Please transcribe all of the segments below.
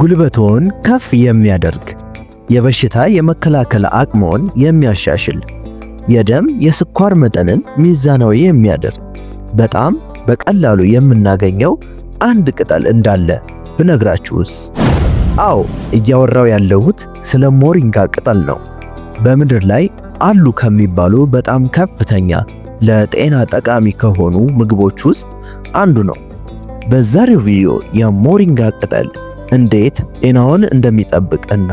ጉልበቶን ከፍ የሚያደርግ የበሽታ የመከላከል አቅሞን የሚያሻሽል የደም የስኳር መጠንን ሚዛናዊ የሚያደርግ በጣም በቀላሉ የምናገኘው አንድ ቅጠል እንዳለ ብነግራችሁስ? አዎ እያወራው ያለሁት ስለ ሞሪንጋ ቅጠል ነው። በምድር ላይ አሉ ከሚባሉ በጣም ከፍተኛ ለጤና ጠቃሚ ከሆኑ ምግቦች ውስጥ አንዱ ነው። በዛሬው ቪዲዮ የሞሪንጋ ቅጠል እንዴት ጤናውን እንደሚጠብቅና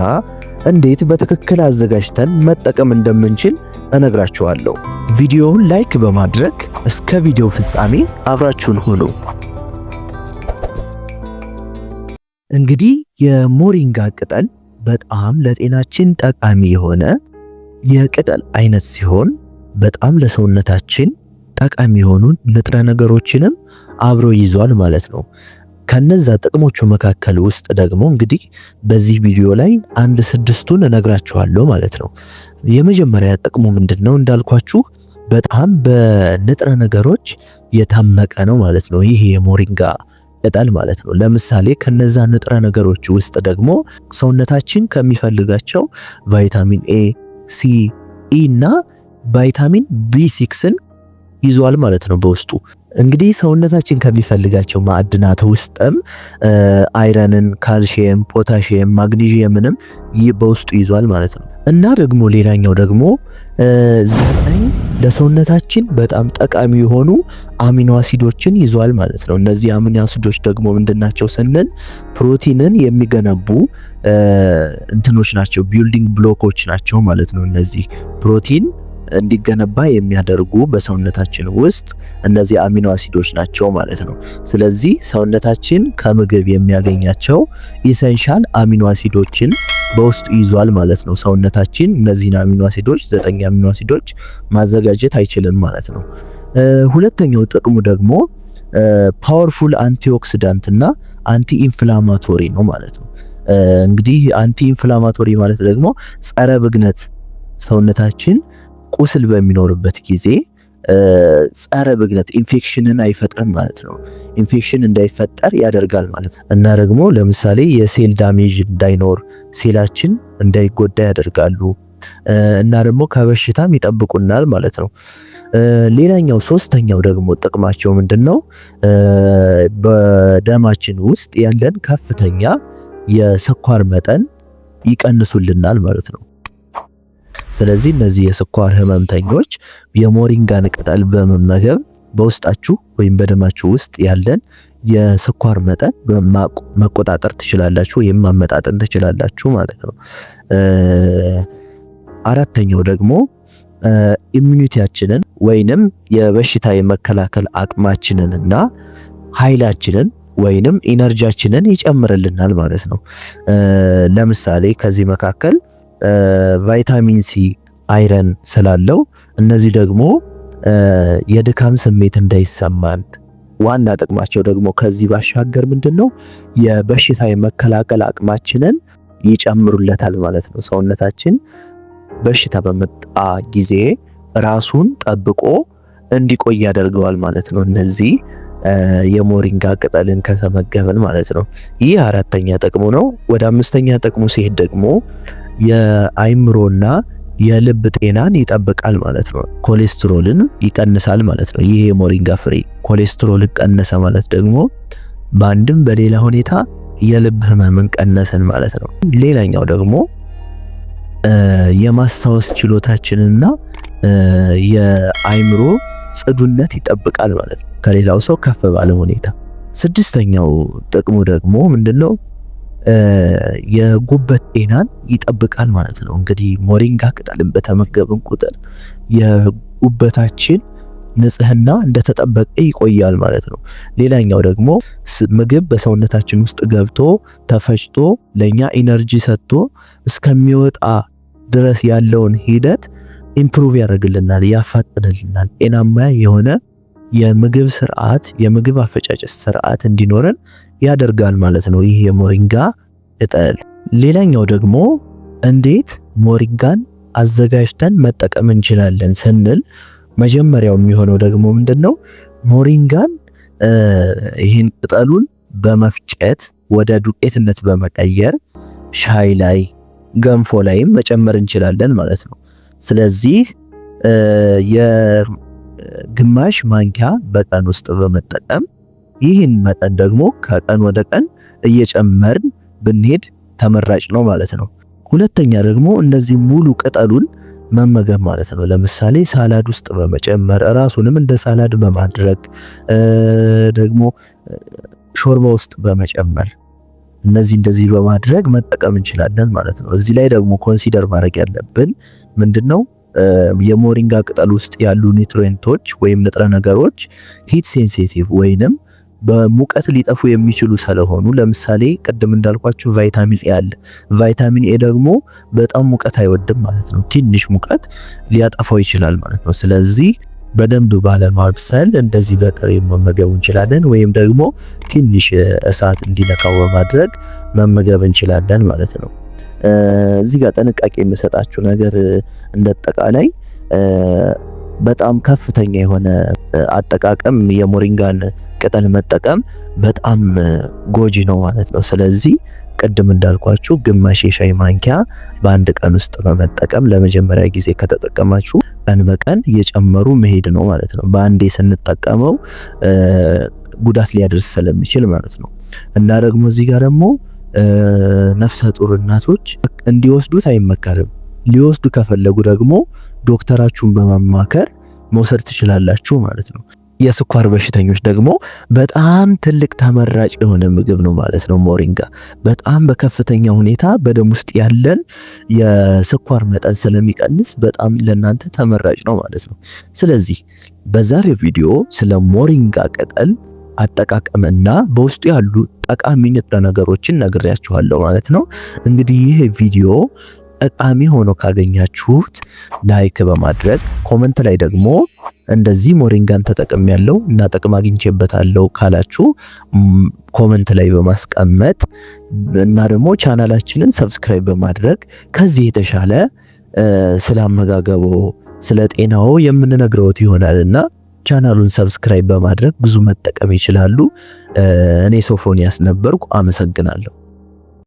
እንዴት በትክክል አዘጋጅተን መጠቀም እንደምንችል እነግራችኋለሁ። ቪዲዮውን ላይክ በማድረግ እስከ ቪዲዮ ፍጻሜ አብራችሁን ሁኑ። እንግዲህ የሞሪንጋ ቅጠል በጣም ለጤናችን ጠቃሚ የሆነ የቅጠል አይነት ሲሆን በጣም ለሰውነታችን ጠቃሚ የሆኑ ንጥረ ነገሮችንም አብሮ ይዟል ማለት ነው። ከነዛ ጥቅሞቹ መካከል ውስጥ ደግሞ እንግዲህ በዚህ ቪዲዮ ላይ አንድ ስድስቱን እነግራችኋለሁ ማለት ነው። የመጀመሪያ ጥቅሙ ምንድን ነው እንዳልኳችሁ በጣም በንጥረ ነገሮች የታመቀ ነው ማለት ነው። ይህ የሞሪንጋ ቅጠል ማለት ነው። ለምሳሌ ከነዛ ንጥረ ነገሮች ውስጥ ደግሞ ሰውነታችን ከሚፈልጋቸው ቫይታሚን ኤ፣ ሲ፣ ኢ እና ቫይታሚን ቢ ሲክስን ይዟል ማለት ነው በውስጡ። እንግዲህ ሰውነታችን ከሚፈልጋቸው ማዕድናት ውስጥም አይረንን፣ ካልሽየም፣ ፖታሽየም፣ ማግኒዥየምንም በውስጡ ይዟል ማለት ነው እና ደግሞ ሌላኛው ደግሞ ዘጠኝ ለሰውነታችን በጣም ጠቃሚ የሆኑ አሚኖ አሲዶችን ይዟል ማለት ነው። እነዚህ አሚኖ አሲዶች ደግሞ ምንድናቸው ስንል ፕሮቲንን የሚገነቡ እንትኖች ናቸው፣ ቢልዲንግ ብሎኮች ናቸው ማለት ነው። እነዚህ ፕሮቲን እንዲገነባ የሚያደርጉ በሰውነታችን ውስጥ እነዚህ አሚኖ አሲዶች ናቸው ማለት ነው። ስለዚህ ሰውነታችን ከምግብ የሚያገኛቸው ኢሰንሻል አሚኖ አሲዶችን በውስጡ ይዟል ማለት ነው። ሰውነታችን እነዚህን አሚኖ አሲዶች ዘጠኝ አሚኖ አሲዶች ማዘጋጀት አይችልም ማለት ነው። ሁለተኛው ጥቅሙ ደግሞ ፓወርፉል አንቲኦክሲዳንት እና አንቲ ኢንፍላማቶሪ ነው ማለት ነው። እንግዲህ አንቲ ኢንፍላማቶሪ ማለት ደግሞ ጸረ ብግነት ሰውነታችን ቁስል በሚኖርበት ጊዜ ጸረ ብግነት ኢንፌክሽንን አይፈጥርም ማለት ነው። ኢንፌክሽን እንዳይፈጠር ያደርጋል ማለት ነው እና ደግሞ ለምሳሌ የሴል ዳሜጅ እንዳይኖር ሴላችን እንዳይጎዳ ያደርጋሉ እና ደግሞ ከበሽታም ይጠብቁናል ማለት ነው። ሌላኛው ሶስተኛው ደግሞ ጥቅማቸው ምንድን ነው? በደማችን ውስጥ ያለን ከፍተኛ የስኳር መጠን ይቀንሱልናል ማለት ነው። ስለዚህ እነዚህ የስኳር ህመምተኞች የሞሪንጋን ቅጠል በመመገብ በውስጣችሁ ወይም በደማችሁ ውስጥ ያለን የስኳር መጠን መቆጣጠር ትችላላችሁ ወይም ማመጣጠን ትችላላችሁ ማለት ነው። አራተኛው ደግሞ ኢሚኒቲያችንን ወይንም የበሽታ የመከላከል አቅማችንን እና ኃይላችንን ወይንም ኢነርጂያችንን ይጨምርልናል ማለት ነው። ለምሳሌ ከዚህ መካከል ቫይታሚን ሲ፣ አይረን ስላለው እነዚህ ደግሞ የድካም ስሜት እንዳይሰማን ዋና ጥቅማቸው ደግሞ ከዚህ ባሻገር ምንድን ነው የበሽታ የመከላከል አቅማችንን ይጨምሩለታል ማለት ነው። ሰውነታችን በሽታ በመጣ ጊዜ ራሱን ጠብቆ እንዲቆይ ያደርገዋል ማለት ነው። እነዚህ የሞሪንጋ ቅጠልን ከተመገብን ማለት ነው። ይህ አራተኛ ጥቅሙ ነው። ወደ አምስተኛ ጥቅሙ ሲሄድ ደግሞ የአይምሮና የልብ ጤናን ይጠብቃል ማለት ነው። ኮሌስትሮልን ይቀንሳል ማለት ነው። ይሄ የሞሪንጋ ፍሬ ኮሌስትሮል ቀነሰ ማለት ደግሞ በአንድም በሌላ ሁኔታ የልብ ህመምን ቀነሰን ማለት ነው። ሌላኛው ደግሞ የማስታወስ ችሎታችንና የአይምሮ ጽዱነት ይጠብቃል ማለት ነው ከሌላው ሰው ከፍ ባለ ሁኔታ። ስድስተኛው ጥቅሙ ደግሞ ምንድነው? የጉበት ጤናን ይጠብቃል ማለት ነው። እንግዲህ ሞሪንጋ ቅጠልን በተመገብን ቁጥር የጉበታችን ንጽህና እንደተጠበቀ ይቆያል ማለት ነው። ሌላኛው ደግሞ ምግብ በሰውነታችን ውስጥ ገብቶ ተፈጭቶ ለእኛ ኢነርጂ ሰጥቶ እስከሚወጣ ድረስ ያለውን ሂደት ኢምፕሩቭ ያደርግልናል፣ ያፋጥንልናል። ጤናማ የሆነ የምግብ ስርዓት የምግብ አፈጫጨት ስርዓት እንዲኖረን ያደርጋል ማለት ነው። ይህ የሞሪንጋ ቅጠል። ሌላኛው ደግሞ እንዴት ሞሪንጋን አዘጋጅተን መጠቀም እንችላለን ስንል መጀመሪያው የሚሆነው ደግሞ ምንድነው? ሞሪንጋን ይህን ቅጠሉን በመፍጨት ወደ ዱቄትነት በመቀየር ሻይ ላይ ገንፎ ላይም መጨመር እንችላለን ማለት ነው። ስለዚህ የግማሽ ማንኪያ በቀን ውስጥ በመጠቀም ይህን መጠን ደግሞ ከቀን ወደ ቀን እየጨመርን ብንሄድ ተመራጭ ነው ማለት ነው። ሁለተኛ ደግሞ እንደዚህ ሙሉ ቅጠሉን መመገብ ማለት ነው። ለምሳሌ ሳላድ ውስጥ በመጨመር ራሱንም እንደ ሳላድ በማድረግ ደግሞ ሾርባ ውስጥ በመጨመር እነዚህ እንደዚህ በማድረግ መጠቀም እንችላለን ማለት ነው። እዚህ ላይ ደግሞ ኮንሲደር ማድረግ ያለብን ምንድነው የሞሪንጋ ቅጠል ውስጥ ያሉ ኒትሮንቶች ወይም ንጥረ ነገሮች ሂት ሴንሲቲቭ ወይንም በሙቀት ሊጠፉ የሚችሉ ስለሆኑ ለምሳሌ ቅድም እንዳልኳችሁ ቫይታሚን ኤ አለ። ቫይታሚን ኤ ደግሞ በጣም ሙቀት አይወድም ማለት ነው። ትንሽ ሙቀት ሊያጠፋው ይችላል ማለት ነው። ስለዚህ በደንብ ባለማብሰል እንደዚህ በጥሬ መመገብ እንችላለን፣ ወይም ደግሞ ትንሽ እሳት እንዲነካው በማድረግ መመገብ እንችላለን ማለት ነው። እዚህ ጋር ጥንቃቄ የምሰጣችሁ ነገር እንደጠቃላይ በጣም ከፍተኛ የሆነ አጠቃቀም የሞሪንጋን ቅጠል መጠቀም በጣም ጎጂ ነው ማለት ነው። ስለዚህ ቅድም እንዳልኳችሁ ግማሽ የሻይ ማንኪያ በአንድ ቀን ውስጥ በመጠቀም ለመጀመሪያ ጊዜ ከተጠቀማችሁ ቀን በቀን እየጨመሩ መሄድ ነው ማለት ነው። በአንዴ ስንጠቀመው ጉዳት ሊያደርስ ስለሚችል ማለት ነው። እና ደግሞ እዚህ ጋር ደግሞ ነፍሰ ጡር እናቶች እንዲወስዱት አይመከርም። ሊወስዱ ከፈለጉ ደግሞ ዶክተራችሁን በማማከር መውሰድ ትችላላችሁ ማለት ነው። የስኳር በሽተኞች ደግሞ በጣም ትልቅ ተመራጭ የሆነ ምግብ ነው ማለት ነው። ሞሪንጋ በጣም በከፍተኛ ሁኔታ በደም ውስጥ ያለን የስኳር መጠን ስለሚቀንስ በጣም ለእናንተ ተመራጭ ነው ማለት ነው። ስለዚህ በዛሬው ቪዲዮ ስለ ሞሪንጋ ቅጠል አጠቃቀምና በውስጡ ያሉ ጠቃሚ ንጥረ ነገሮችን ነግሬያችኋለሁ ማለት ነው። እንግዲህ ይህ ቪዲዮ ጠቃሚ ሆኖ ካገኛችሁት ላይክ በማድረግ ኮመንት ላይ ደግሞ እንደዚህ ሞሪንጋን ተጠቅም ያለው እና ጥቅም አግኝቼበታለሁ ካላችሁ ኮመንት ላይ በማስቀመጥ እና ደግሞ ቻናላችንን ሰብስክራይብ በማድረግ ከዚህ የተሻለ ስለ አመጋገቦ ስለ ጤናዎ የምንነግረውት እና ቻናሉን ሰብስክራይብ በማድረግ ብዙ መጠቀም ይችላሉ። እኔ ሶፎንያስ ነበርኩ። አመሰግናለሁ።